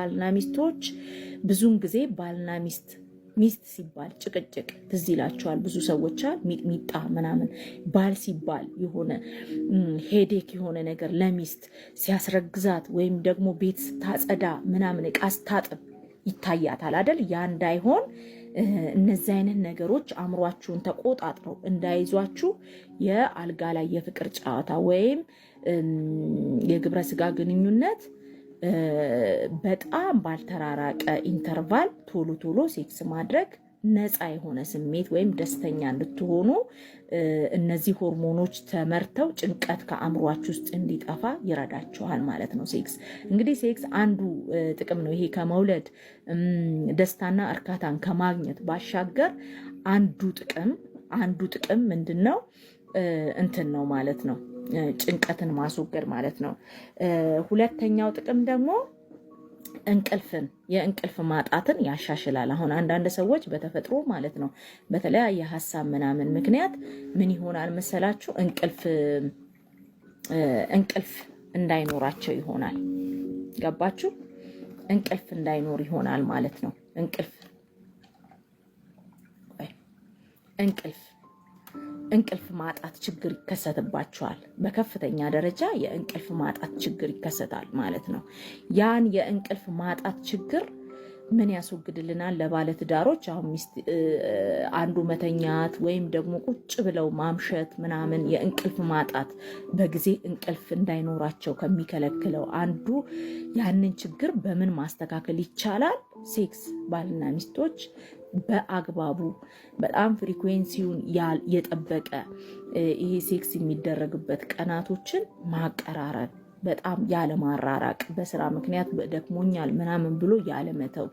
ባልና ሚስቶች ብዙን ጊዜ ባልና ሚስት ሚስት ሲባል ጭቅጭቅ ትዝ ይላቸዋል። ብዙ ሰዎች አል ሚጥሚጣ ምናምን ባል ሲባል የሆነ ሄዴክ የሆነ ነገር ለሚስት ሲያስረግዛት ወይም ደግሞ ቤት ስታጸዳ ምናምን እቃ ስታጥብ ይታያታል አደል? ያ እንዳይሆን እነዚ አይነት ነገሮች አእምሯችሁን ተቆጣጥረው እንዳይዟችሁ የአልጋ ላይ የፍቅር ጨዋታ ወይም የግብረ ስጋ ግንኙነት በጣም ባልተራራቀ ኢንተርቫል ቶሎ ቶሎ ሴክስ ማድረግ ነፃ የሆነ ስሜት ወይም ደስተኛ እንድትሆኑ እነዚህ ሆርሞኖች ተመርተው ጭንቀት ከአእምሯች ውስጥ እንዲጠፋ ይረዳችኋል ማለት ነው። ሴክስ እንግዲህ ሴክስ አንዱ ጥቅም ነው ይሄ ከመውለድ ደስታና እርካታን ከማግኘት ባሻገር አንዱ ጥቅም አንዱ ጥቅም ምንድን ነው? እንትን ነው ማለት ነው፣ ጭንቀትን ማስወገድ ማለት ነው። ሁለተኛው ጥቅም ደግሞ እንቅልፍን የእንቅልፍ ማጣትን ያሻሽላል። አሁን አንዳንድ ሰዎች በተፈጥሮ ማለት ነው በተለያየ ሀሳብ ምናምን ምክንያት ምን ይሆናል መሰላችሁ እንቅልፍ እንቅልፍ እንዳይኖራቸው ይሆናል። ገባችሁ? እንቅልፍ እንዳይኖር ይሆናል ማለት ነው። እንቅልፍ እንቅልፍ እንቅልፍ ማጣት ችግር ይከሰትባቸዋል። በከፍተኛ ደረጃ የእንቅልፍ ማጣት ችግር ይከሰታል ማለት ነው። ያን የእንቅልፍ ማጣት ችግር ምን ያስወግድልናል? ለባለትዳሮች አሁን ሚስት አንዱ መተኛት ወይም ደግሞ ቁጭ ብለው ማምሸት ምናምን የእንቅልፍ ማጣት በጊዜ እንቅልፍ እንዳይኖራቸው ከሚከለክለው አንዱ ያንን ችግር በምን ማስተካከል ይቻላል? ሴክስ ባልና ሚስቶች በአግባቡ በጣም ፍሪኩዌንሲውን የጠበቀ ይሄ ሴክስ የሚደረግበት ቀናቶችን ማቀራረብ በጣም ያለማራራቅ፣ በስራ ምክንያት ደክሞኛል ምናምን ብሎ ያለመተው